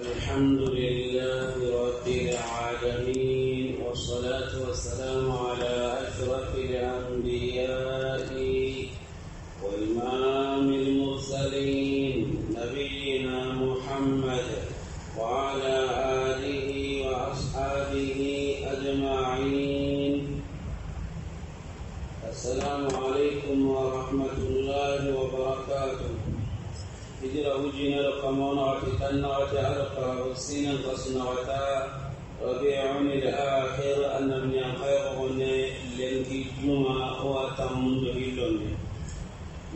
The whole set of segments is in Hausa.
الحمد لله رب العالمين والصلاة والسلام على وصينا تصنع تا وبيعون الآخر أن من يقيرون لنكتما وتمند بلون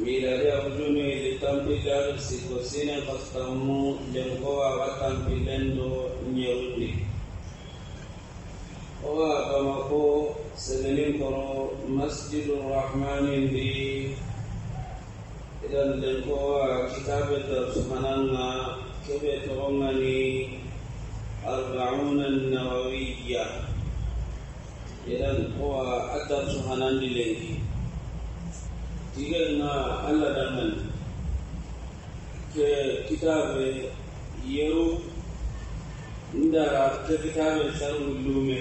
ميلا يرجون لتنبيل أرسي وصينا تصنع لنكوا وتنبيلن نيرون وأقمكو سننكر مسجد الرحمن دي إذا لنكوا كتاب الدرس منانا kebetulan ini arba'un an-nawawiyya idan kowa adda su hanan dilengi digal na Allah da man ke kitabe yero inda ta kitabe sharhul lume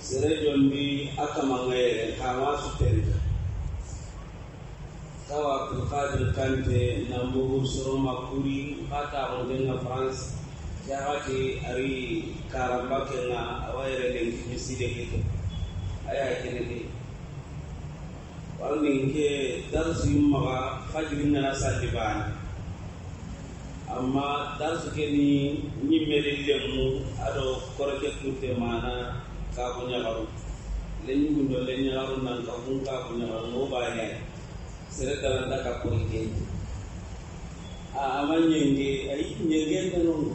sere bi aka mangayere kama su tenda tawa abdulkadir kante na mbugu soro makuri mpaka amongenga france jawati ari karamba ke nga awayere le miside ke to aya kene de ni ke darsu yumma fajrin na sadi bana amma darsu ke ni nyimeli lemu ado korke kurte mana ka ko nyabaru le nyugundo le nyabaru nan ka kun ka ko nyabaru no ba ne sere dalanda ka ko ke a ah, amanyenge ayi nyenge no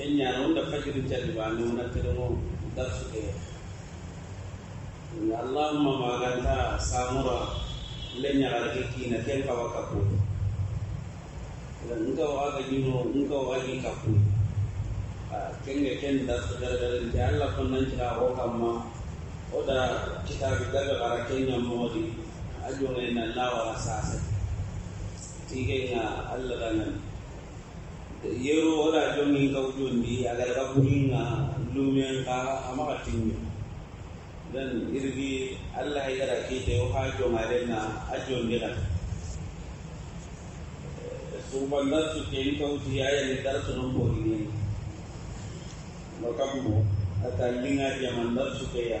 kenya wanda fajirin taliba ne wani kalmo da su ɗaya allahumma maganta samura lenya arkiki na ken kawa kapo gino in jino nga wagi kapo kenge ken da su gargarin ta allah kunnan kira wakan ma o da kitabi daga bara kenya mawadi ajo ne na lawara sasa tige nga allah da nan yero wala jongi ka wujondi ala ka buringa lumen ka amaka tinyo dan irgi allah ya gara kite o ha jo jonga rena ajonde na so banda su ken ka uti aya ni dar su nombo ni maka makamu ata linga ya manda su ke ya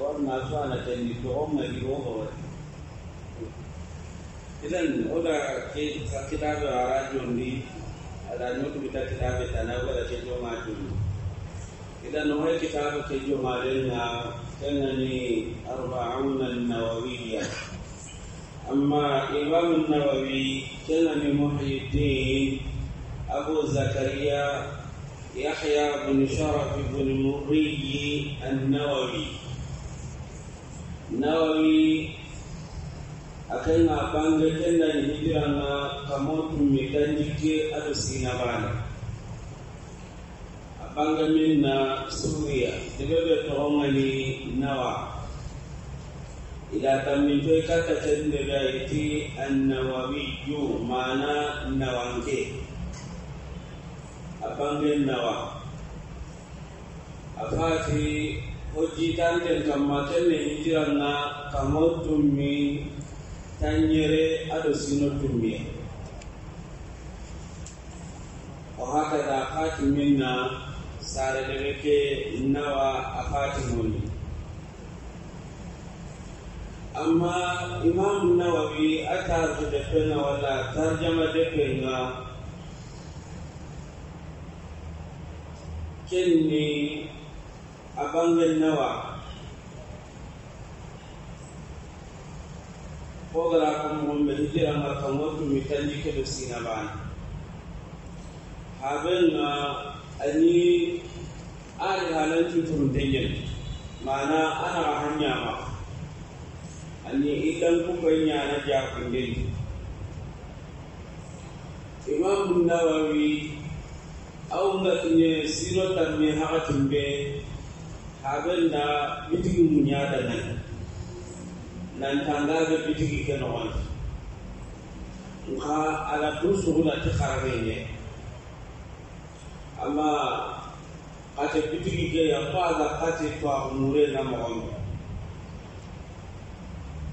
wa na su ana ni to o di o ho idan oda ke sakita da rajon ni على أن نثبت كتاب تناول الجمعة إذا نهي كتابة الجمعة لنا ثنني أربعون النووية أما إمام النووي ثنني محي الدين أبو زكريا يحيى بن شرف بن مري النووي نووي Akai na bange tenda ni hijira na kamotu ke ato sina bana abanga min na suriya tebebe ni nawa ila da kaka an iti yu mana nawange abange nawa afati hojjitanten kamma tenne hijira na kamotu mi. tanyere ado sino tumie wahakadha akati minna sareleweke innawa akati moni amma imam nawawi da defena wala tarjama defenga kenni abangen nawa ko gara ko mo be hijira ngar kan wotu mi tanji ke be sina ban haben na ani ari halan tutum dengel mana ana hanya ma ani idan ku ko nya na ja kungeli imam nawawi aw nga tunye siro tan mi hakatin be haben na mitigin munya da nan nan tangaɓe bitigi ke noxonta nxa ala tu sugunati xaraxene ama xate bitigi ke ya kati xate mure na moxonga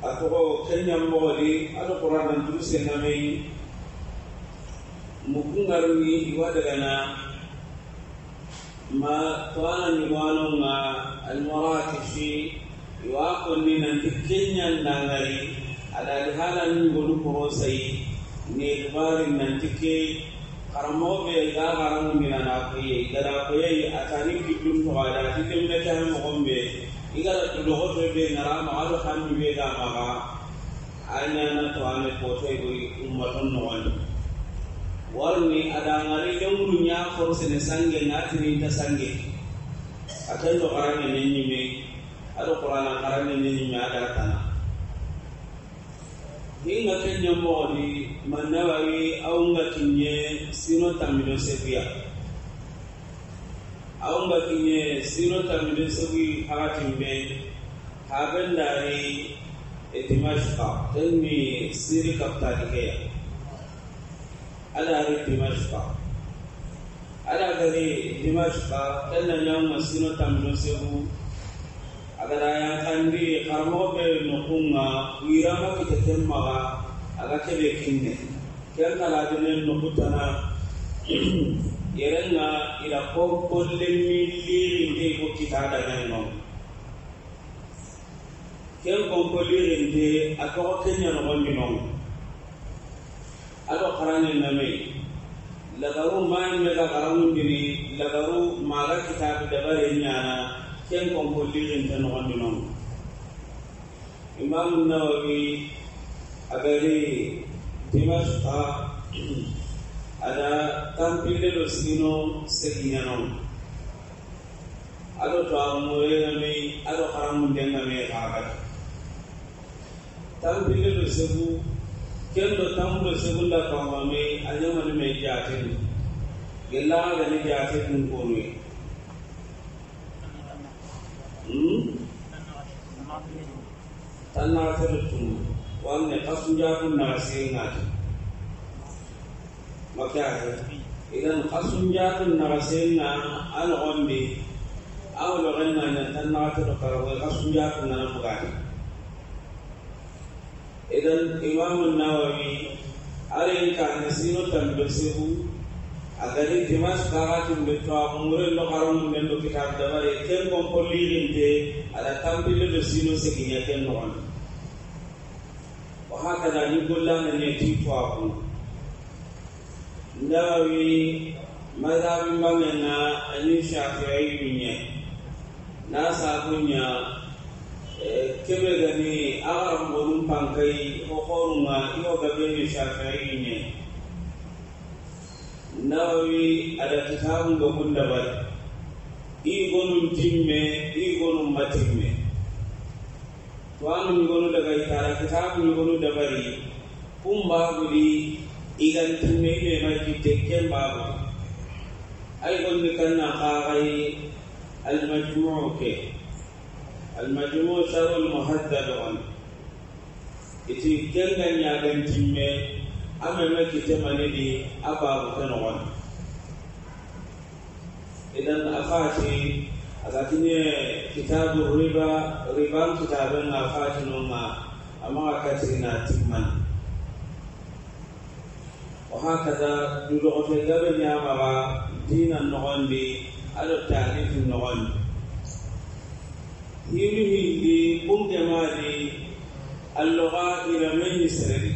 a toxo kenñammoxoli aɗo xurananturu senamey mukungaruyi iwa iwadagana ma toana ñumanonga almorati fi iwa konni nanti kenyal nangari adadi halan gonu korosai ni gbari nanti ke karamoɓe ga haramundina nakoye gada koyei atani kijum toxada ati kemmetane mogonɓe igara dogoto ɓe ngara maxaɗo xanni ɓe ga maxa a ñana toane kotoy koy ummaton noxoni warni ada ngari lenguru ña sene sange na ta sange aten to ne nen ñime ala qur'ana qarani ni nyaada tana hinga kenya modi manawawi au ngatinye sino tamino sebuya au ngatinye sino tamino sebuyi hakatimbe habendari dimashqa tanmi siri kaptalikeya ala ri dimashqa ala gari dimashqa tanna nyamma sino tamino sebuyi agada yatandi karamogo be nokunga wirama kiteten maga aga kebe kinne ken kalajene nokutana yerenga ila kokkolle millirinte ko kitadagano ken konkolirinte a togo kenyanogondi nogo ado karañenname lagaru mañmega karamundini lagaru maga kitabu dabare ñana ken kon ko lirin ta nogondi noon imam nawawi agari dimash a ada tampille ɗo sino segiñanon aɗo to amurename aɗo haramundengame haagata tampille ɗo segu ken ɗo tamɗo segunda kawame a ñamani me jaaten gellaaga ni jaaten ɗum konuye ta kasu tanna tertun wanne kasuja kunna singati maka idan kasu kasuja kunna singa al ghambi aw lo ganna na tanna terkara wa kasuja kunna mugati idan imam na nawawi arinka nasino tambesihu agari dimas karatun be to amure lo karon men do kitab dabare ken ko lirin te ala tampile do sino se kinya ken no وهكذا نقول لنا نتيت وابو ndawi madhabin bangana ani shafi'i minya na sakunya eh, kebe gani agaram bolum pankai hokorunga iyo gabe shafi'i minya nawawi ada kitabun ga kun dabar i gonun timme i gonun matimme tuwanu migonu dagari tara kitabu da bari kun baburi igantume ile maji tekken babu ai kan kanna kakai almajmu'u ke almajmu'u sharul muhaddad on iti kenga nyagan timme ameme kite ku ababu kanogon idan afati akatinye kitabu riba riban kitaben na fatino ma amma akati na timman wa hakaza dudo o te gabe nya ma ba dinan no gondi ado tarifin no gondi hili hindi bum jamali اللغة إلى من يسرد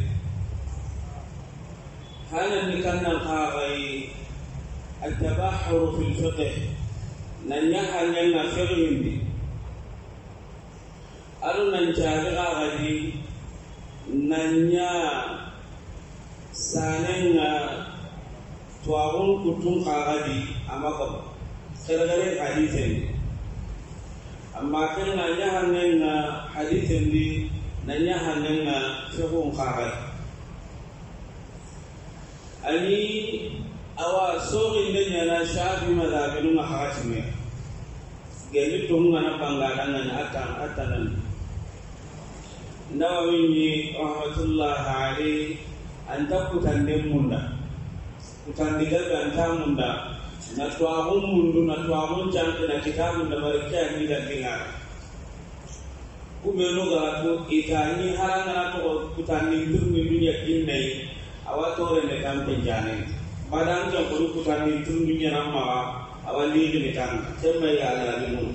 هذا اللي كان القاضي التبحر في الفقه nan ya hanyar na firin bi aru cari a gaji nan ya sanen na tuwarun kutun kagabi a makon kirkirin hadithin amma kan nan ya hangen na hadithin bi nan ya hangen na firin kagabi awa sori nde nyana shafi madhabi nunga hakatime gani tunga na pangalanga na ata ata nani ndawa wingi rahmatullah ali anta kutande munda kutande gaga anta munda na twaho mundu na twaho chanke na kitabu na barikia ya mila kinga kume noga ko itani harana to kutande ndu ni dunia kinne awato re ne kampe janeni badan kurukuta buru kutani tun dunya a ma awali ni kan temma ya ala ni mu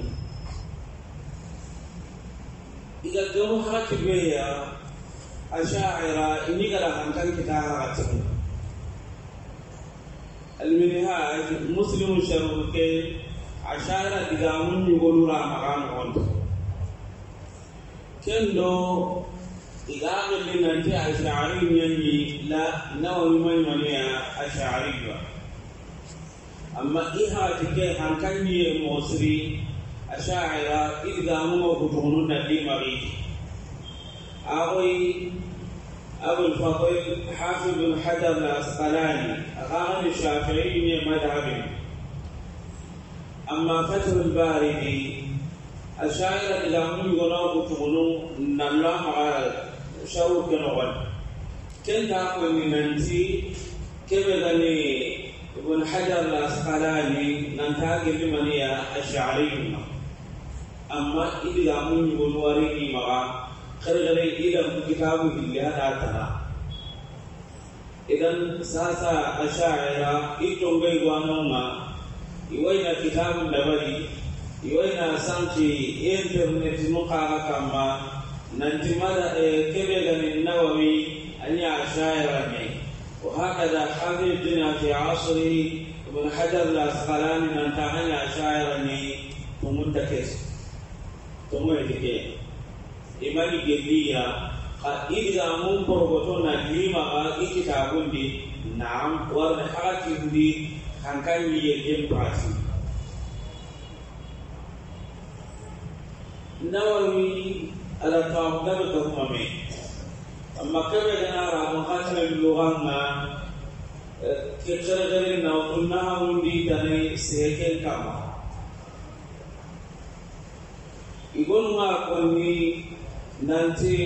iga goro ha ke be ya asha'ira ini gara hankan kita ha المنهاج مسلم شرك عشارة دقامون يقولوا رامغان غنط كندو إذا لمن تي أشعري يني لا نوى من يني أشعري أما إيها تكي هنكني موسري أشاعر إذا هم كتغنون لمريض أوي أبو الفضيل حافظ بن حجر العسقلاني أغاني الشافعي مذهبي أما فتح الباري أشاعر إلى هم يغنون كتغنون نلام على ushauri kana wani tenda hapo ni nanti kebe gani ibn hajar la asqalani nan tage limani ya ash'ari amma ila mun bulwari ni ma khargare ila kitabu billah ta'ala idan sasa ash'ara itongai gwanon ma iwaina kitabu da bari iwaina santi internet nuka kama nan timada eh, da ya kebe ganin nawawi an yi a shayar rame wa haka da hafi duniya ke asiri ibn hajar da asalami nan ta an yi a shayar rame ke su to mu ke imar gilliya a ibida mun barbato na jima a iki tagun bi na an kuwar da hati kankan yi yankin ala tawabla be ka kuma me amma kebe gana rabon hatime lugan na ke kere na kunna hamundi dane seheken kama igonu ma konni nanti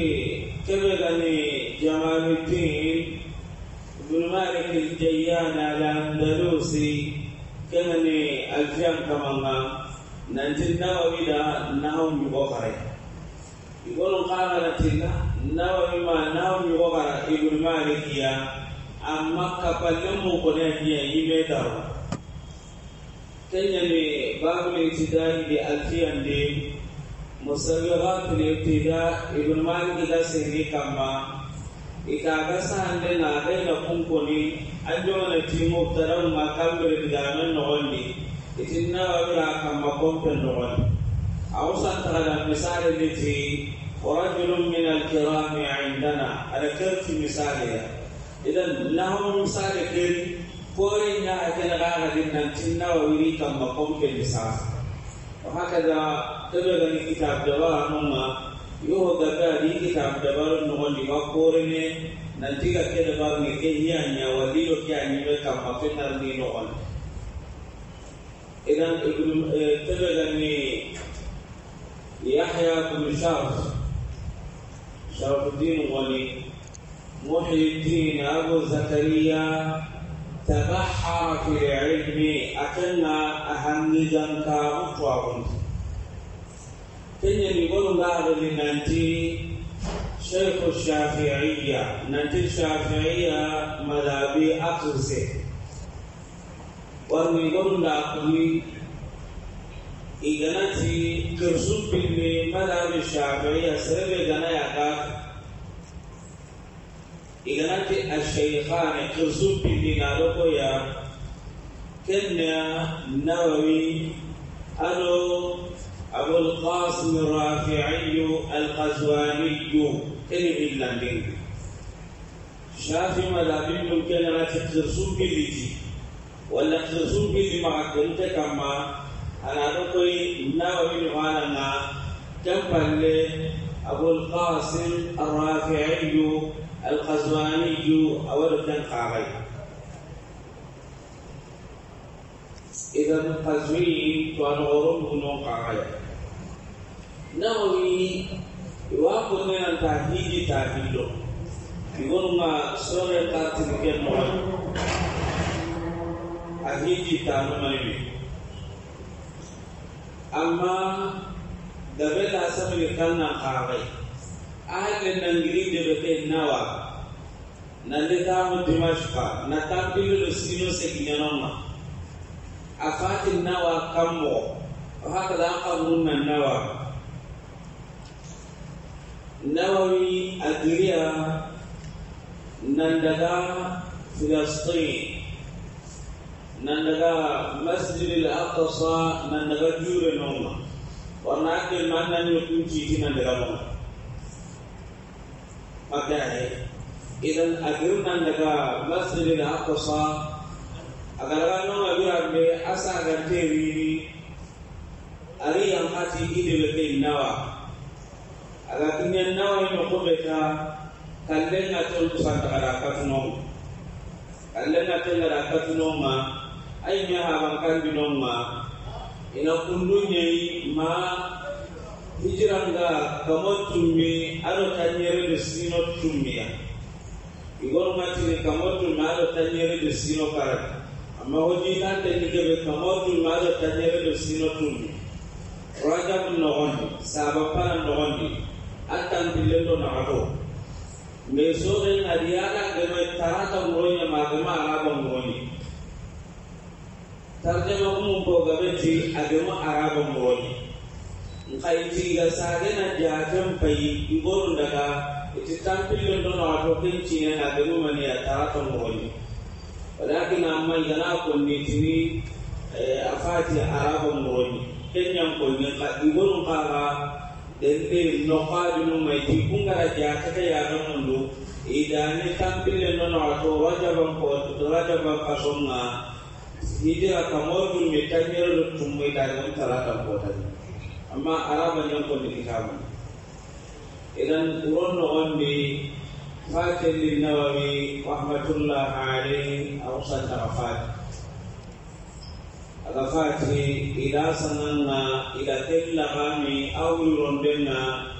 kebe gani jamaluddin ibn malik al-jayyan al-andalusi kenani alfiyan kamanga nanti nawawida nahum yugo kare igol qamara tinga nawa ma nawa mi wogara ibn malik ya amma kapalle mu ko ne biya yime dawo kenya ne babul ibtidai bi alfiyan de musawwirat ibtida ibn malik da sirri kama ikaga sande na dai da kunkoni an jona timo tarawma kambere digamen no wonni itinna wa kamba kompen no wonni أوصلت على المثال التي ورجل من الكرام عندنا على كرت مثالها إذا لهم مثال كل كورين أكن غارة دينا تنا ويريكا مقوم بالمثال وهكذا تبدأ كتاب دبار هما يوهد بادي كتاب دبار نغني وكورين نتيجة كدبار نكيه أن يوليو كي أن يمكا مفتر نغني إذا تبدأ يحيى بن شرف شرف الدين الغني محي الدين ابو زكريا تبحر في العلم اكن اهنجا كاوتواه kenye migono ngaro ni nanti Sheikh Shafi'iyya nanti Shafi'iyya madhabi akuse wa migono ngaro ni ایگنا چی کرسوب بلوی مدار شافعی اصر بیگنا یاقاق ایگنا چی الشیخان کرسوب بلوی نارو کو یا کنیا نووی الو ابو القاسم الرافعي القزواني كلمة اللندن شافي مذابين ممكن أن تخرصون بلدي ولا تخرصون بلدي معك أنت كما أنا نقي النووي قالنا تنبل أبو القاسم الرافعي القزواني أول تنقاعي إذا القزوين كان غرب نقاعي نووي يواقعنا أن تهديد تهديده يقول ما سورة قاتل كنوان أهديد تهديد amma da bela sabi kanna kharai ahle da de bete nawa nande tamu dimashqa na tabilu lusino se A fatin nawa kammo haka da qabrun nan nawa nawawi adriya nan daga filastin nandaga masjidil aqsa nandaga jure noma warna ake mannani kunciti nandaga nonga magare idan agir nandaga masjidil aqsa agaraga nonga birambe asa agante wini ari yang hati le ke nawa aga kinya nawa ino kubeta kallenga tol busanta ara katunom na tol ara katunom ma ay nya haran kandi non ma ina kundunye ma hijiranga kamo tummi aɗo tañerede sino tummiya igonomatini kamo tummi aɗo tañerede sino karata amma hojitanteñi keɓe kamo tummi aɗo tañerede sino tummi rajabu nogondi saba pana nogondi attanpillendo nagato mais soɗen adi yaɗa geme tarata muroña magema araba muroni tarjama kumun bogamenti agemo araba mboni nkaiti ga sagena jaten payi igonu daga iti tampillen dono ato kencine agemo mani atarato mboni walakin amma igana konni tini eh, afati araba mboni kenyan konni ka igonu kaga dende nokadinu maiti kungara jakata yagamundu idani tampillen dono ato rajaban kasonga sidira kamol dum mi tanyero dum moy da ngam talata ko tan amma araba nyon ko kitabu idan uron no wandi fatil lin nawawi rahmatullah alayhi aw satarafat aga fati ila sananna ila kella kami aw uron na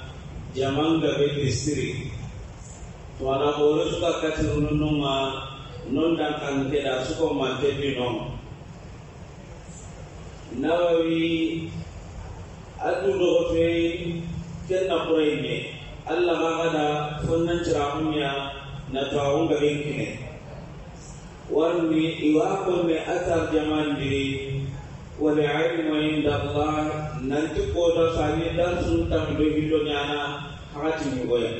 jaman be disiri to ana boro suka katirununga non dan kan keda suko mantedi non nawawi adduɗoɓe Kenna me allah ma gada fonnantirahunya na tawunga ɓen kine warni iwa Me atar jamandiri walilmu inda allah nanti koda sani darsun tamdo hillo ñana hakatimigoya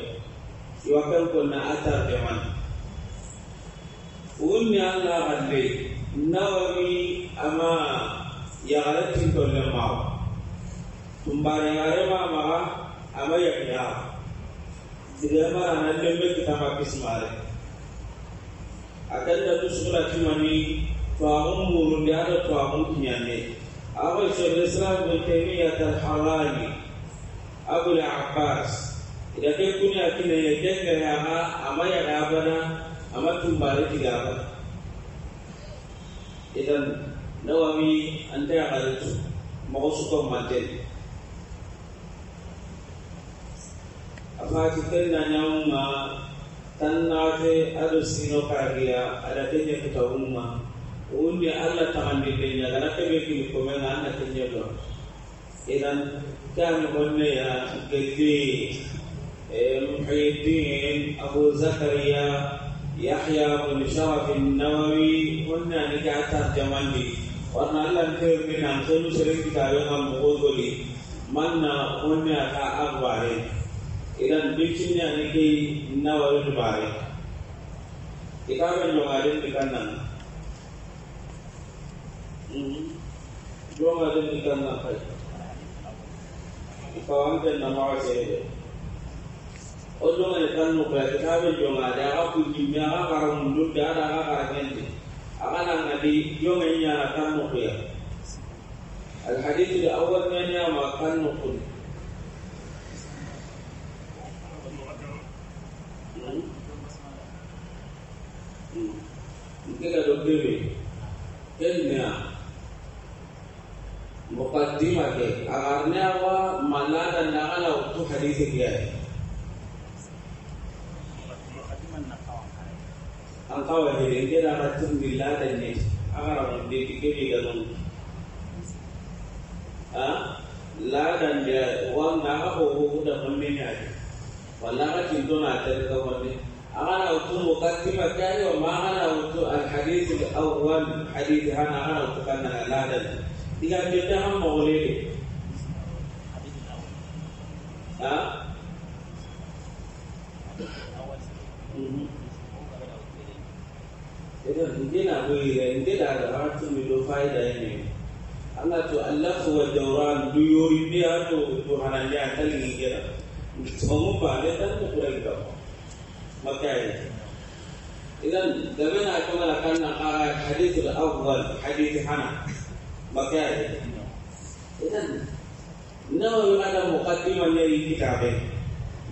iwa kan Na atar jamandi wunni allah galle nawawi amma. yaala tinto le maaw tumbaari ngaare maa maa ama yag ñaaw dile ma ana lembe ki tama kismaale akal da tu sukla ti mani twaamu muuru ndi ada twaamu kiñande awa so lislam bu temi ya tal halali abul abbas ida ke kuni akine ya kenge ama ama yag abana ama tumbaari tigaabana idan nawawi an taya halittu mɔgɔ suka manden a fati kari na ɲamu ma tan naate ado sino kagiya ada te ɲɛ kitabu ma o ni ala tagandi de ɲagana kebe kini kome nga ana ta ɲɛ dɔ idan ta kami kɔnne ya gege eh, muhiddin abu zakariya yahya bin sharaf an-nawawi kunna ni ka ne. Orang Allah ta yi mina sanu shirin kita da kan mukozoli manna wani a ka agbare idan bikin ke yi na wani dubare ita ga jomarin dukan nan jomarin dukan nan kai ita wanda na mawa ce ne ojo ne kan nukwai ita ga jomarin a kujin ya haka ramun duk da ada haka ragen أمانا النبي يوم إني أنا كان نقيا الحديث الأول من يوم كان نقيا ثمري كتابين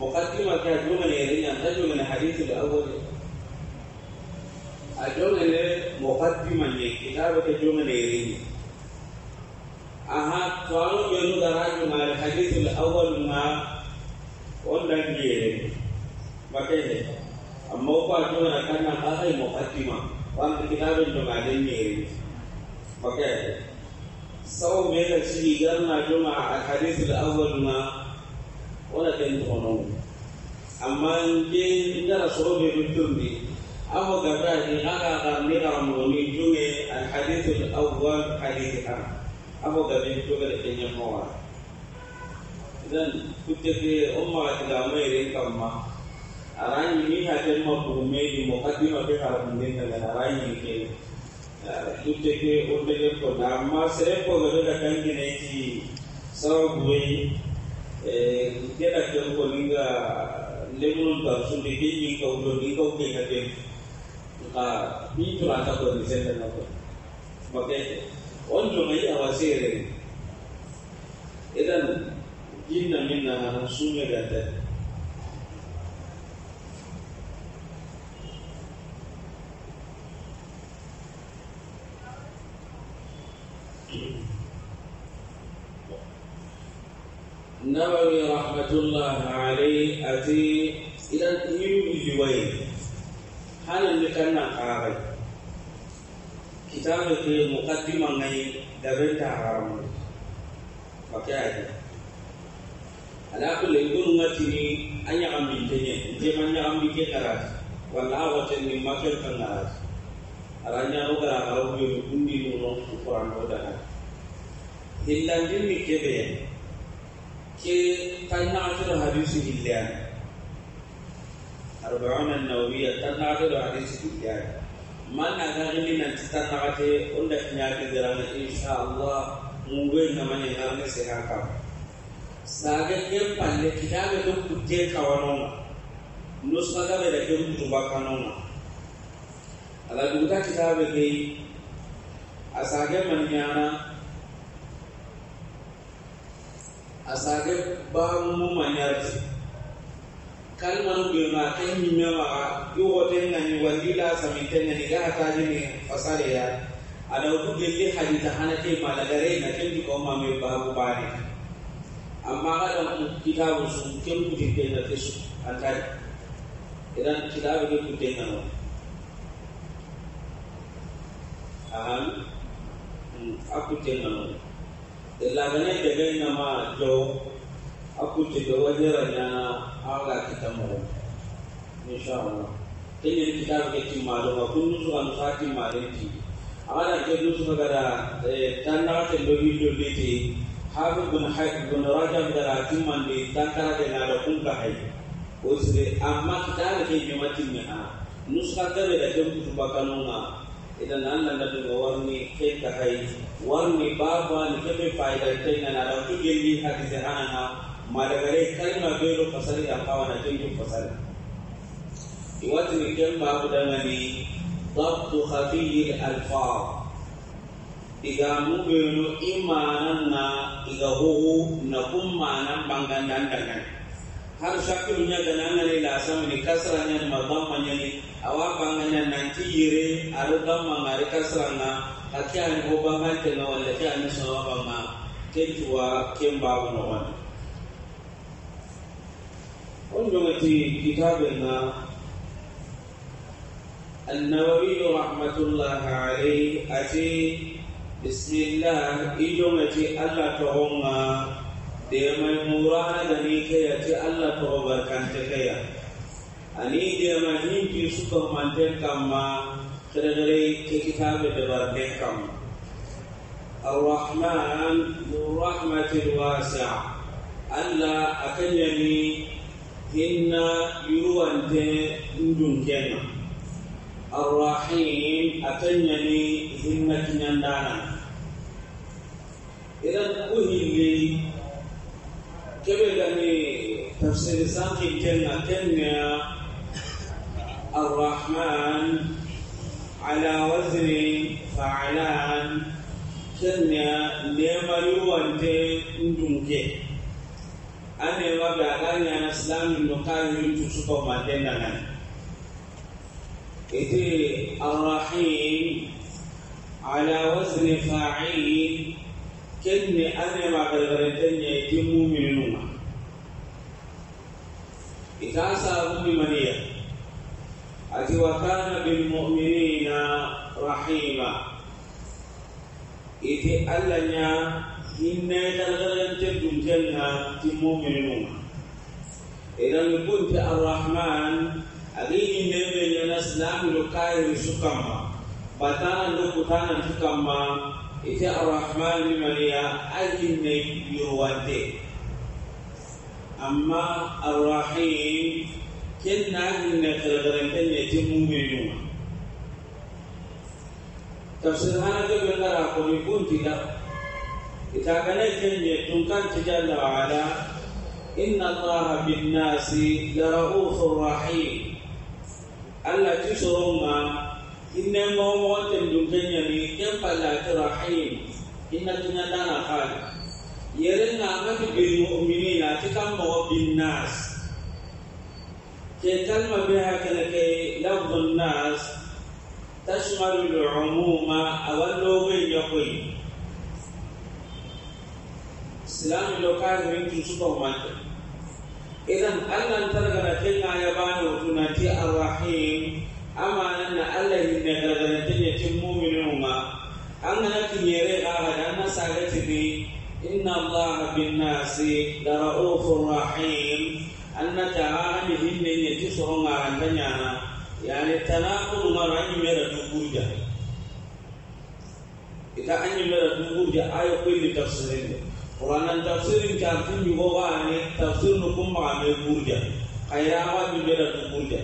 مقدمة كانت جمل يرين الرجل من الحديث الأول الجمل مقدمة كتابة جمل يرين أها قالوا بأنه دراج مع الحديث الأول ما ولن يرين بكيه أما هو جمل كان هذا مقدمة وأن كتابة جمل يرين بكيه سو ميلا شيء جمع الحديث الأول ما wala ka ndo no amman bi inna rasulubi bitumbi aho gada ni aga ga ni ga mo ni junge al hadith al awwal hadith ha aho ga bi to ga ke nyamo wa dan kutte ke umma ga da mai ren kamma arai ni ha ke mo ku me di mo ka di ma ke ha ku ni ga arai ni ke kutte ke o de ko da ma se ko ga da kan ki ne ji sa kena jom ko linga lemul ka sunde ke ni ko do ni ko eh. ke ka dem ka bi to ata ko ni sen na ko mage on do mai awasere idan jinna minna sunne da ta nawawi rahmatullah alayhi ati ilan yimmi liwai hanan ni kanna qarai kitabu ke muqaddima ngai da benta haram makaya ala kulli kun ngati anya ambi tenye je manya ambi ke karat wala wata ni makal karat aranya ugara haru bi kundi no ko ran illa jimmi kebe ke ta tannaatiro hadisu hilleani arbauna nawawiya tannaatiro hadisu hilleani man nagaxini nanti tannaxate o ndaxñakegerana inchallah muɓe namane narne seha kam saage ke palle kitabe ɗo kutte kawanonga nusmagaɓeɗa ke rutuba kanonga ala duguta kitabe kei a saage man ñana ba mu asage bamu manyarti yi bema kai nyimema yogoten ngani wandila samiten ngani ga hataji ni fasare ya a ada hajji ta hana ke malagare na kendi ba mame babu ne amma ga da kitabu sun kembu dinte na a antari idan kitabu ke kutenga no aham na wani lamene dege nama jɔw aku tiga wajara na ala kita mau insya Allah ini kita kecil malu aku nusu anfati malenti ala ke nusu negara eh, ta ke lebih lebih ti habu bin hayy bin rajab dara cuman di tantara ke nada pun kahai usre amma kita ke nyamati mena nusu kata beda jemput bakanonga idan nan nan da kai ka kahai warni babani keɓe fayidantengana ɗaw to gelli hadise anana madagare kalma ɓeɗo fasali ɗam kawana jengin fasali iwatini ken babudangani dabtu Babu l alfar iga mu bero imanan na iga hoho na kun manan bangan dangani har ne ne shakilu ñagana angani lasamini kasrañanima dammañani awa nan nanti yire ma mari ari na hakiya ne ko ban hakiya na wanda kiya ne sun haka ma kentuwa ken babu na wani. Wani jama kitabin na annawari yi rahmatullah a rai a ce bismillah ijo ma ce Allah ta homa da ya mai mura da ni kaya ce Allah ta homa kanta kaya. Ani da ya mahimmi su mantar kan ma خلنري ككتاب ببرككم الرحمن ذو رحمة الواسع ألا أكنني إن يروانت ندون كنا الرحيم أكنني ذنة نندانا إذا أهلي كبدني تفسير ساقي كنا كنا الرحمن على وزن فعلان كنا نيما يوانت ندمك أنا ما بعلان إسلام المقاهر تسوق ما تنعنا إتي الرحيم على وزن فاعل كني أنا ما بعلان يتم نوما إتاسا أبو بمنيه àti wàkánà bil mu'minina rahima ite allah nya hinne dalgalante dum janna ti mu'minun idan kunti arrahman agini nebe nyana sinamulo kayiru sukamma batana ndo kutana tukamma ite arrahman maniya aginne yurwante amma arrahim ken naagin ne xerexerenke ñeti muminuma tafsir hanake ɓe ngara koni kuntiga itagane ken ñe tunkanti jalla waala inna allaha binnasi la raufu rahim allah ti soronga inne momoten dum keñani ken pallati rahim inna tuñandana xaali yerenga amati bilmuminina ti kam mogo binnas ke kalma be da ke lafdhu nas tashmalu al-umuma awallo be yakoi islam lo ka rin tu su ko mante idan allah targana ke na ya bani tunati ar-rahim amma nan allah ne targana ke ne tin mu'minin ma an na kinyere ga da na sagati bi inna allaha bin nasi la ra'ufur rahim anna ta ami hinne ne ti so nga antanya na yani tanaku nga rani ita anni mera duburja ayo ko ni tafsirin qur'an an tafsirin ka tin yugo wa ni tafsir no kum ma me burja khaira wa ni mera duburja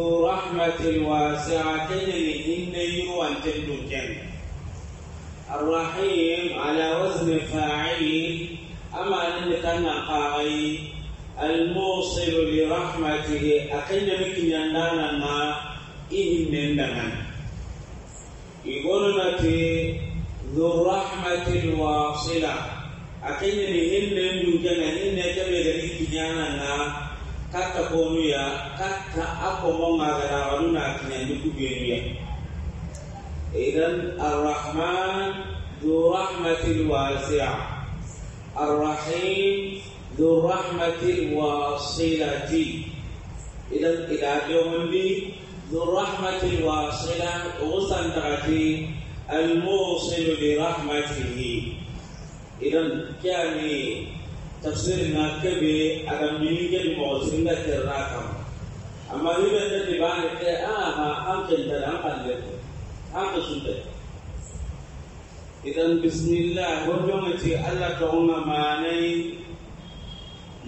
rahmatil wasi'atin ni inne yu antu kenna الرحيم على وزن فاعل أما أنك أنا قاعي الموصل لرحمته أكن مكن يندانا ما إهم نندنا يقولنا ذو الرحمة الواصلة أكن مهم نندنا إن كبير كنيانا نا katta konuya katta akomonga gara waruna kinyandi kubenuya إذا الرحمن ذو رحمة الواسعة الرحيم ذو الرحمة الواصلة إذا إلى يوم بي ذو الرحمة الواصلة وصندرتي الموصل برحمته إذا كاني تفسير آه، ما كبي على مين كبي موصلنا كراكم أما إذا تبان كأها أنت تلام Apa sudah? Idan bismillah wajong ati Allah ta'ala manai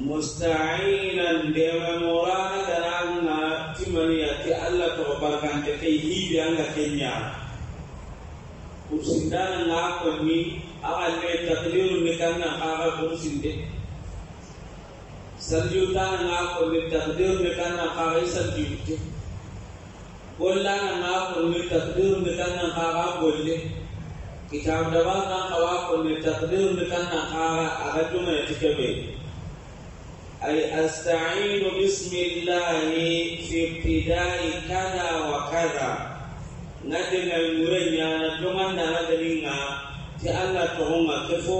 musta'inan dewa murah dan anna timani ati Allah ta'ala berikan kita hibi anga kenya kursi dan ngakwa ni awa lewe takdiru nikana kawa kursi ni sarjuta ngakwa ni takdiru nikana kawa isarjuta ni bolla na na ko mi takdir mi kan na ka ga bolle da ba na ka wa ko mi takdir mi kan na ka ga aga to mai tike be ay asta'inu bismillah fi wa kada na de na murenya na to man na da Allah fo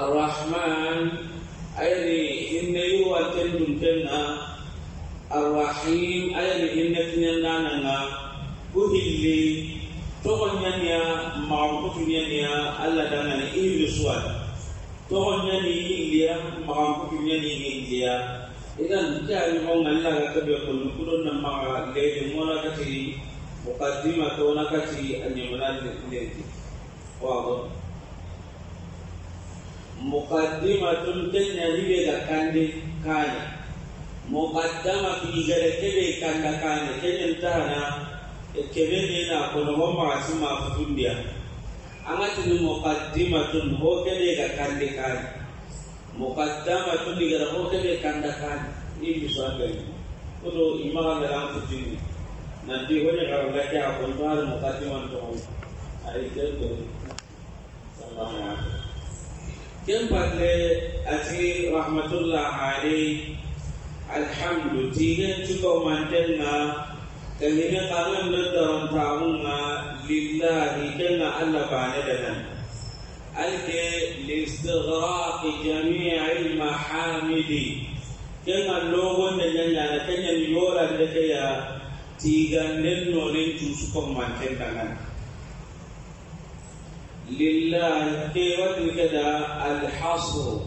الرحمن أيدي إن يوى تندم arrahim aya ni hinnatin nana nga uhilli togon nyanya ma'rufu nyanya alla dana ni ihilli suwal togon nyani ihilliya ma'rufu nyani ihilliya idan ta yi hon Allah ga kabe kullu kudon nan ma gaidin mona kati muqaddima to na kati anyamuna mukaddama kujigere kebe kandakane kenye mtana kebe nina kono homo asima afutundia angati ni mukaddima tun hokebe kandakane mukaddama tun digere hokebe kandakane ibi swaga ibi kuto ima kandara afutundia nanti hone karungati akuntuhari mukaddima ntuhu ayikel kore sallamu alaikum kempatle eh, ati rahmatullah alaikum alhamdu tigen cuko mantenga kangine kangan nadaran taunga lillahi kenga alla bane dadan alke listighraq jami'il mahamidi kenga logon da nyanya na kenya yola da kaya tigan den no len cuko mantenga lillahi ke wadu kada alhasr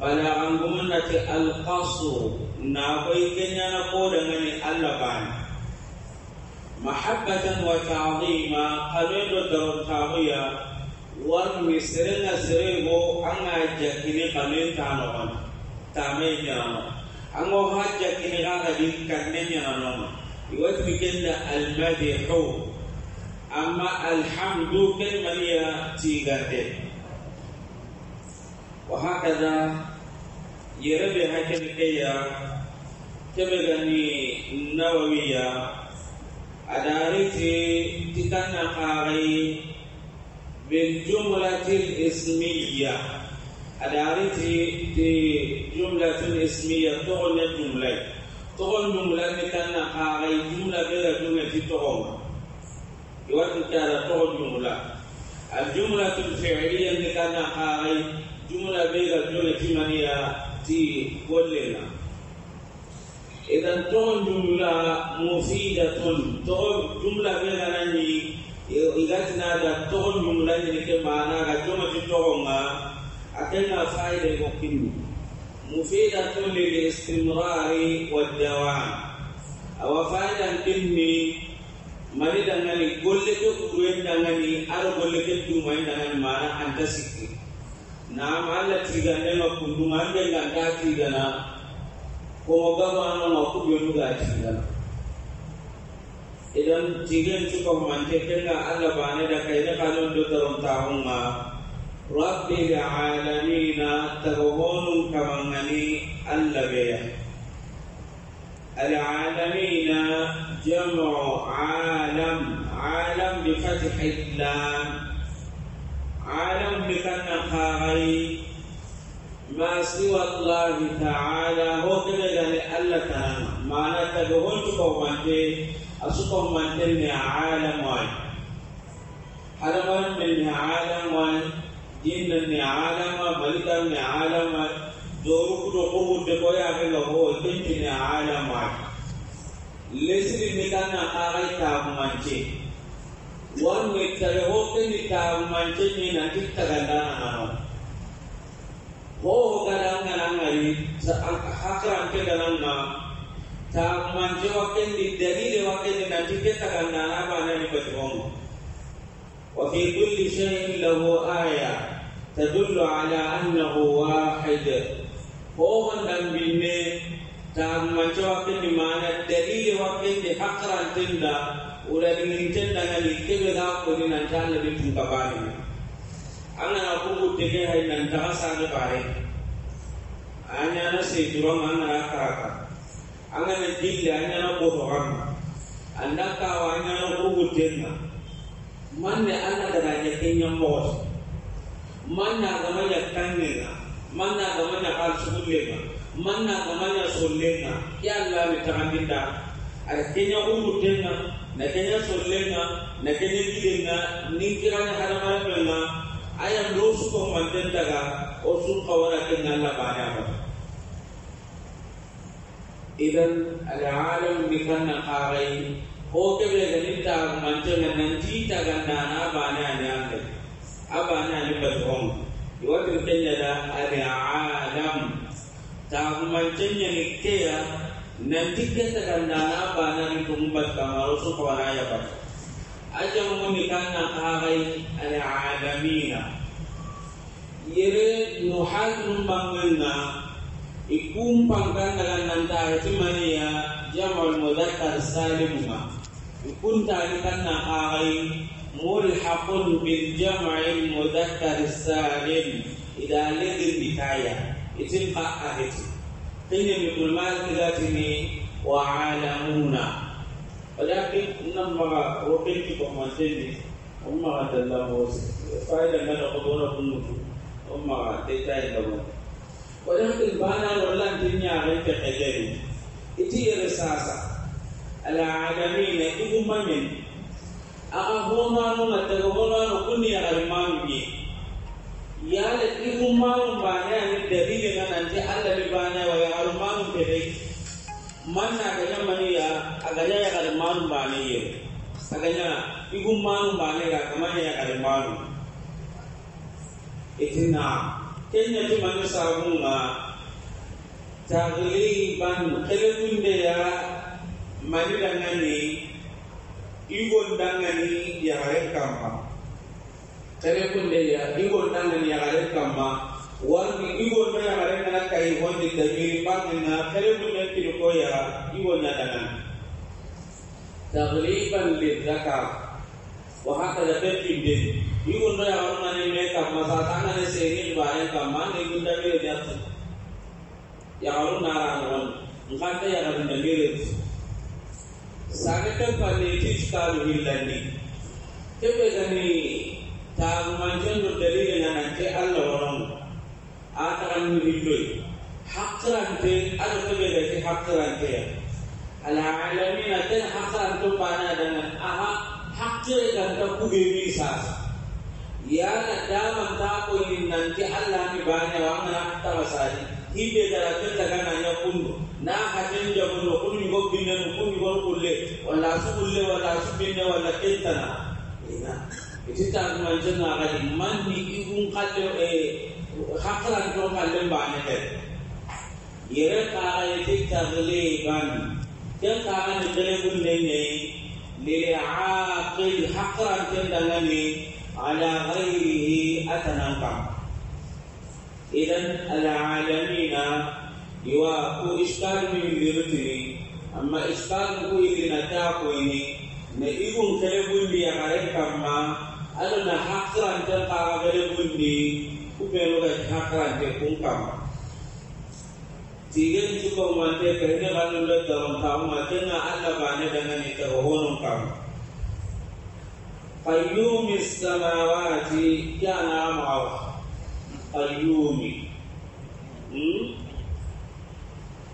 bala angumunati alqasr na koy kenyana ko dangani allah bani mahabbatan wa ta'zima alodo daro tahoya war mi serenga an anga jakini kamen ta kan tame an ango ha jakini ga di kanne nyano ma iwat mi kenda al madihu amma alhamdu kalmaniya tigande wa hakada yere be hakin kaya kebegani nawawiya adariti tikanna qari min jumlatil ismiyya adariti ti jumlatil ismiyya togonna jumla togon jumla ni kanna jumla bela dunga ti togon iwatu kala togon jumla الجملة الفعلية اللي كان قاري جملة بيغا جملة تمانية تي كلنا idan ton jumla mufida ton to jumla ɓe ganani igatinaga togo jumla ñinike managa jomati togonga a kenga fayide ko kinni mufida ton lilistimrari waddawan awa fayidan kinni mari dangani golle ke kuduwen dangani aɗa golle ke dumayi dangani mana anta sikki naam alla tiganɗenga kundu ma ɓe ganta tigana Kuoga bwana makubwa muda Iden Idan tigen chuko mante tenga ala bane da kaida kalon do taron tahunga. Rabbil alamin tarhun kamangani alla be. Al alamin jam'u alam alam di fathil Alam di kana kharai ma Allah ta'ala ho kene dari Allah ta'ala mana ta dohon tu ko mante asu ko mante ni alam wan halaman min ni alam wan jin ni alam wa balita ni alam wan do ruku do ko mu de ko ya ke lo ho tin ni alam wan lesri mi kan na ara ta mante wan mi ta ho kene ta mante ni na kitta ganda na ho gara ngara ngari hakran ke galanga ta manje wakendi dalile wakendi na tiketa kana alama nani kwa timongo wa fi kulli shay'in lahu aya tadullu ala annahu wahid ho mandan binne ta manje wakendi mana dalile wakendi hakran tinda ura dingin tinda ngali kebe ga ko dinan ta Allah bin tukabani ana abugu tege hay nan daga sanga pare anya na se duro mana akaka anga ne dilla anya na go to ramma anda ka anya na bugu tenna manne anda daga ya kenya mos manna gama ya tanna manna gama ya al sulema manna gama ya sulema ya allah mi tanginda ar kenya bugu tenna na kenya sulema na kenya dilla ni kiranya halama na aya lusu ko manten daga o oh, su qawara kin Allah baya ba idan al'alam bi kanna qarai ko ke be ganin ta manten nan ti ta ganna na bana ne ambe abana ne ba zon iwatin kenya da al'alam ta manten ne ke ya nan ti ke ta ganna na bana ne kuma ba kamar su qawara ya ba ajan mundi kanna kaxay aladamina yere no haldunum bangenga i kumpan kannaga nanta timaniya jamal mudakkar salimunga i kuntani kanna kaxay ملحق بالجمع المذكر السالم إذا لد النكاية يتبقى أهتم قيل ابن المالك ذاتني وعالمون ولكن إنما لما وقيت بمسجد أما عند الله فايدا من قبول بنوك أما تيتاي لهم ولكن البانا ولا الدنيا غير كحجري إتي رساسة على عالمين من أغا هما نونا تغبونا نكوني أرمان بي yala ibu marum bana ni dalilin nan anti Allah bi bana wa ya armanu bebe man ga yamani ya aganya yang ada malu bani ye. Ya. Aganya ibu malu bani ya, kemana yang ada malu? Eh, Itu na. Kenya tu mana sahunga? Jadi ban kelebihan ya. dia mana dengan ni? Ibu dengan ni dia kaya kampa. Telepon dia, ibu dengan dia kaya kampa. Wangi ibu dengan dia kaya kampa. Kau di tegiri pak dengan telepon dia tidak kaya ibu dengan dia. تغليبا للركب وهكذا تبكي بيت يقول له يا عمنا نيمي كم مساطع نالي سيهي البارين كم ما نيقول ده بيه جاتس يا عمنا نارا نوان نخاطة يا رب نميره سانتا فاني تيش كالو هيلاني تبقى زني تاغ مانجل مدليل نانا كي ألا ورم آتران نهيبلوي حقران تي ألا تبقى زني حقران تي alalamina tena hasa mtopana dana aha hakire kan ta kube ni sasa yana dama ta ko yin nan ki Allah mi bane wa ngana ta basali hibe da ratin daga nan ya kunno na hatin da kunno kunni go binne kunni go kulle wala su kulle wala su binne wala kintana ina itita man janna gadi man ni igun kalle eh hakran to kalle bane ke yere ka ayati tagliban ken kaana dere kunne ne lil aqil haqran ken dangani ala ghairihi atanan kam idan al alamina iwa ku iskar min birtini amma iskar ku ilina ta ko ne igun kare gundi ya kare kamma adana haqran tan kaara kare gundi ku be no ga haqran te kun kamma tigen cuko mate kene kanu le daron kamu mate na alla bane dengan ita honon kamu qayyumi samawati ya na ma'aw qayyumi hmm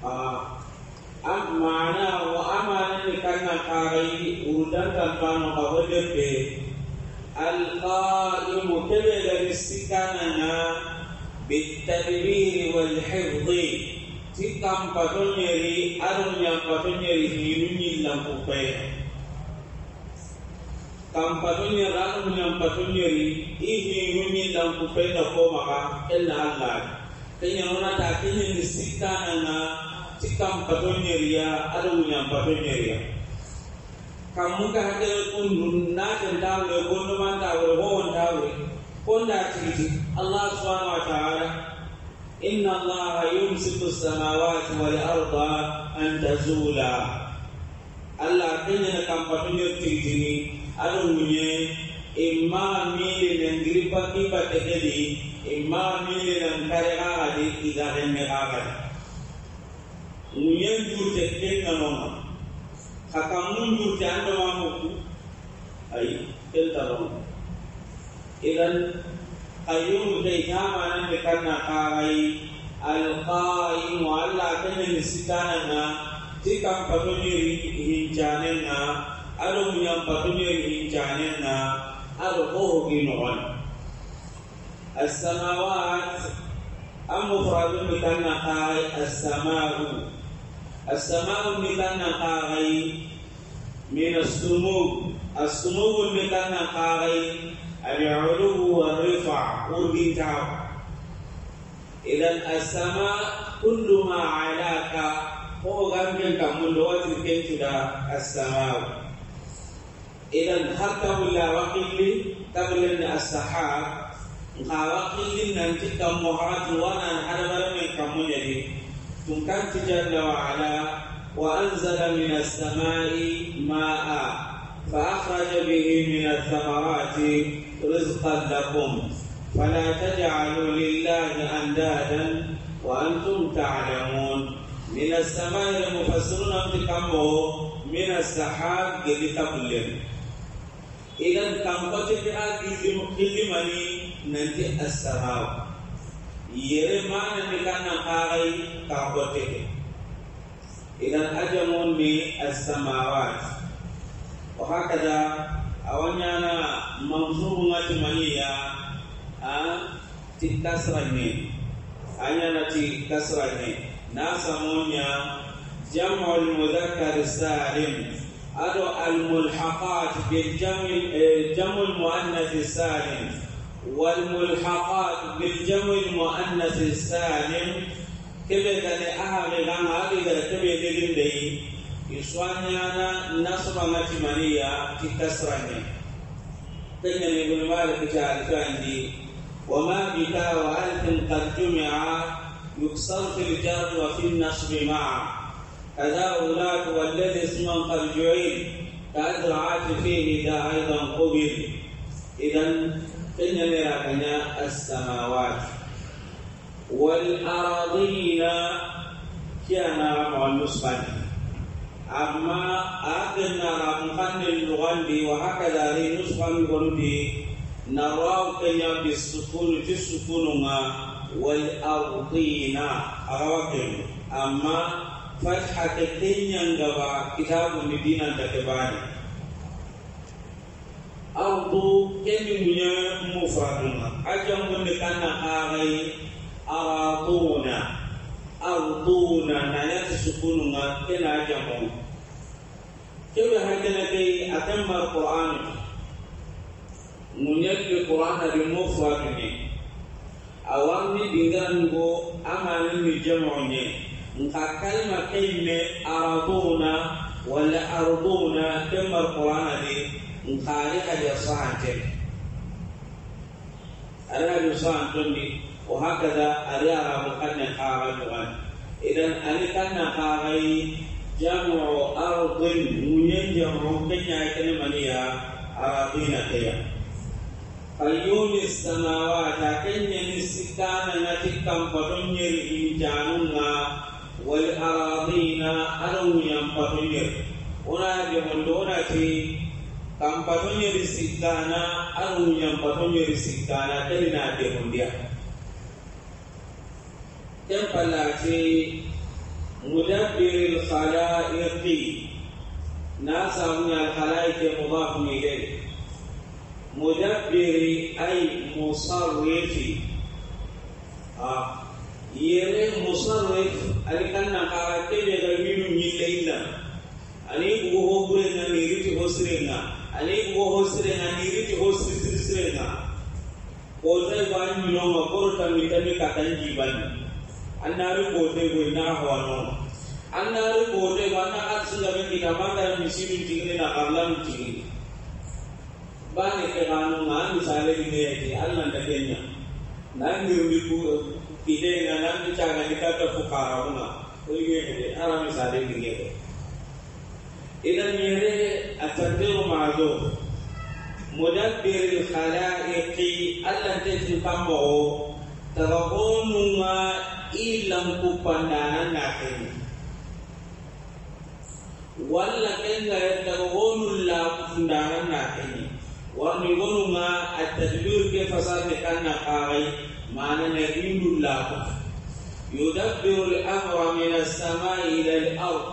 ah am mana wa amana ni kana qari urudan kan kanu kawade be al qaimu kebe dari sikana na بالتدبير والحفظ ti tampato nyeri aro nyampato nyeri hiru nyillanko kwe tampato nyeri aro nyampato nyeri i hiru nyillanko kwe da ko maka ella allah kenya ona ta kenya ni sikana na ti tampato nyeri ya aro nyampato nyeri ya kamuka hakele kundu na tandawe gondo mandawe ho wandawe konda titi allah subhanahu wa ta'ala إن الله يمسك السماوات والأرض أن تزولا Allah kenya na kampatunyo titini ado munye imma mili na ngripa kiba tekeli imma mili na mkare haadi idare mekagadi munye njurte kenga nonga kaka munjurte ando mamuku ay kelta nonga idan qayyum dai kama na, da kanna karai alqaim alla kana misitana na tika patonyo hinjanen na alo na السماوات أم مفرد مثل السماء السماء مثل نقاري من السمو السمو مثل نقاري العلو والرفع والبتاع إذا السماء كل ما علاك هو غنبين كمول واتر كنت السماء إذا حتى ولا وقيل تغلن السحاب قاوقي ننتك انت وانا حرم من كمول يدي تنكنت جل وعلا وأنزل من السماء ماء فأخرج به من الثمرات رزقا لكم فلا تجعلوا لله أندادا وأنتم تعلمون من السماء المفسرون تكمو من السحاب لتقلل إذا كم تنبت بآكل مقلمني ننتي السحاب yere mana ni kana qarai ka bote idan ajamun bi as awanyana manzuru ngati maniya a ti kasra ne anyana ti kasra ne nasa monya jamu al mudhakkar salim ado al mulhaqat bil jamu jamu al muannath salim wal mulhaqat bil jamu al muannath salim kebe kale ahame ganga adi kebe dilinde يسوانيانا نصب وما بك وألف قد جمع يكسر في الجر وفي النصب معا كذا هناك والذي اسما قد جعل كأدرعات فيه ذا أيضا قبل إذا كنا نراكنا السماوات والأراضين كان رقم النصفين amma a akenna ramu kanden lugandi wa hakada ri nusfami goludi naraw kenya bisukunu tisukunu nga wal ardina a kenya amma fatha ke kenya ngaba kitabu midina takebani ardu kenyu a mufraduna ajam bunde harai agai araduna arbuna anati sukunu nga kena jamu kebe hakela kai atamma alquran munyadde qur'an bi mufradine awamni dingango amani mi jamu ne nka kalma kai me arbuna wala arbuna tamma alquran de nka ni hada sa'ate ala bi sa'an tondi وهكذا أريارا مقنع خارجوان إذن أريتنا خاري جمع أرض مين جمع مقنع كلمانيا أراضينا كيا فيون السماوات كن يمسكان نتكم فتنير إن جانونا والأراضينا أنو ينفتنير هنا يقولون في kampatonye risitana anu nyampatonye risitana tena de mundia tembalati mudabbiril khalaiqi na samu alkhalaiqi mudaf ilayhi mudabbiri ay musarrifi a yene musarrif ka kara kebe ga minu milaina ani go hobure na miriti hosrenga ani go sire miriti na ko ba ni no ma korta ji ba ni annaru ko de go na hawano annaru ko de wana atsu da bi kamanda na misiri tingi na kamla mutingi bane ke banu ma misale bi de ke alla da kenya na ngi mi ku bi de na na mi cha na kita ta fu kara una o ye ke ala misale yang ke idan ni malu. atadiru ma do mudabbiril khalaiqi allati tafamu tawaqunu ma ilang ko natin. Wala kayong kenga na kukunong la pandanan natin. Wala Wani gonu nga at tadbir ke fasadi kan na kakay mana na rindu la ko. Yudabbiru al-amra min as-sama'i ila al-ardh.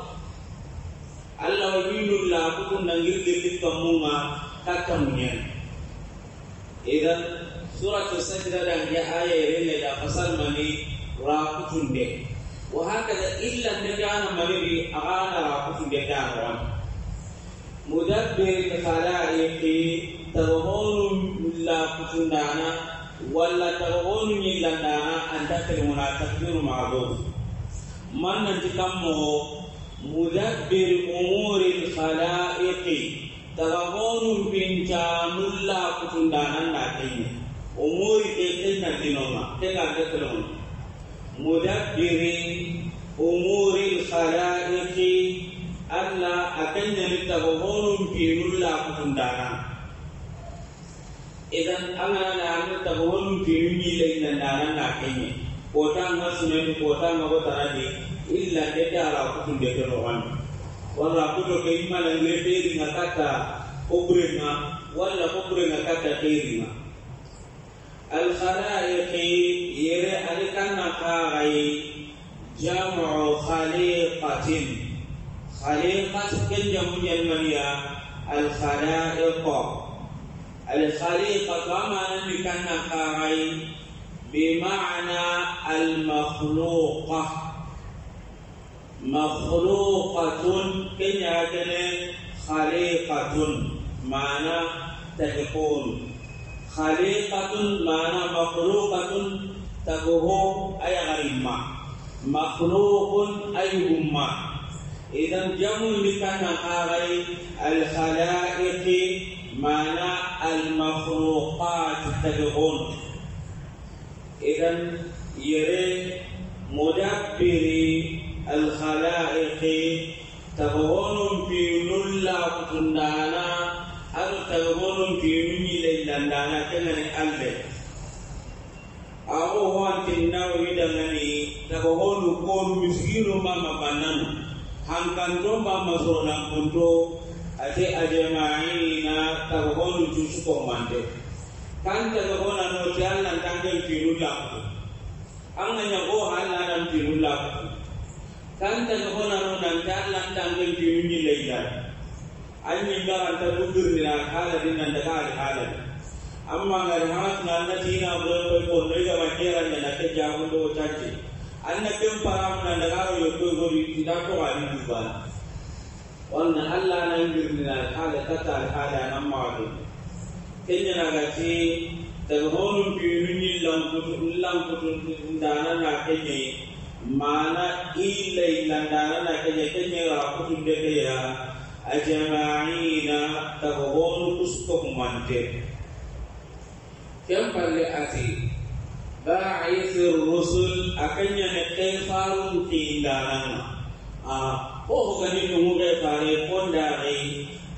Allah wa rindu la ko kun nangir dilit kamunga katamunyan. Idan suratul sajdah dan ya ayat ini dah pasal mani وهكذا إلا النجان مريض أغانى راقصون بيتاهم مدبر تسالائق ترغون لا قصون دانا ولا ترغون إلا دانا أن تسر مناسبين معظوم من نتكمه مدبر أمور الخلائق ترغون من جان لا قصون دانا ناتين أمور تلتنا تنوما تلتنا تنوما mudabbiri umuril khalaiqi alla akanya litago honum pinulla kutundana idan ana na an tago honum pinuni lainan dana na kenya kota nga sunan kota nga botarade illa kete ala kutunde to rohan wala kuto ke imala ngeperi kata obrenga wala obrenga kata terima الخلائق يري ألك المقاغي جمع خليقة خليقة كل يوم المنيا الخلائق الخليقة وما نمك المقاغي بمعنى المخلوقة مخلوقة كن خليقة معنى تكون خليقة معنى مخلوقة تكوهو أي غريمة مخلوق أي أمة إذا جمع لكنا هاي الخلائق معنى المخلوقات تكوهون إذا يري مدبر الخلائق تكوهون في نلا كتندانا أو تكوهون في نلا dan dana kena ni ambil Aku hoan tinau ida ngani Tako holu kolu miskinu mama banan Hangkan to mama zona kundo Aje aje maini na tako holu cusuko mande Tante tako na no jalan tante mpinu laku Anganya go halan mpinu laku Tante tako na no jalan tante mpinu nilai Ani ngara ta bugur ni na kala dinan da kala kala amma ngarhat na na tina bo bo bo ne ga ma kira ne na ke ja mo do cha ji an na ke pa ram na na ga yo to go ri ti da ko ari du ba wan na alla na ngi ni na ka ga ta ta ka da na ma do ke ni na ga ti ta go lu bi ni ni lam ko tu lam ko tu da na na ke ni ma na i le la da na na ke ni ke ni ra ko tu de ke ya ajma'ina ta go lu kus ko mante ken palle ati ba'ith rusul akanya ne kai faru kindana a ah, oh, ko ko gani mu ga fare kon da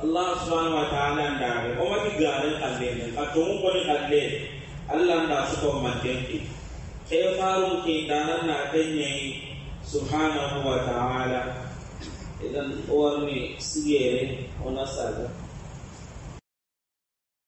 Allah subhanahu wa ta'ala da o oh, mati garin kalle ne a to mun ko kalle Allah da su ko manten ki kai faru kindana na kanye subhanahu wa ta'ala idan uwar ne sigere eh? ona saga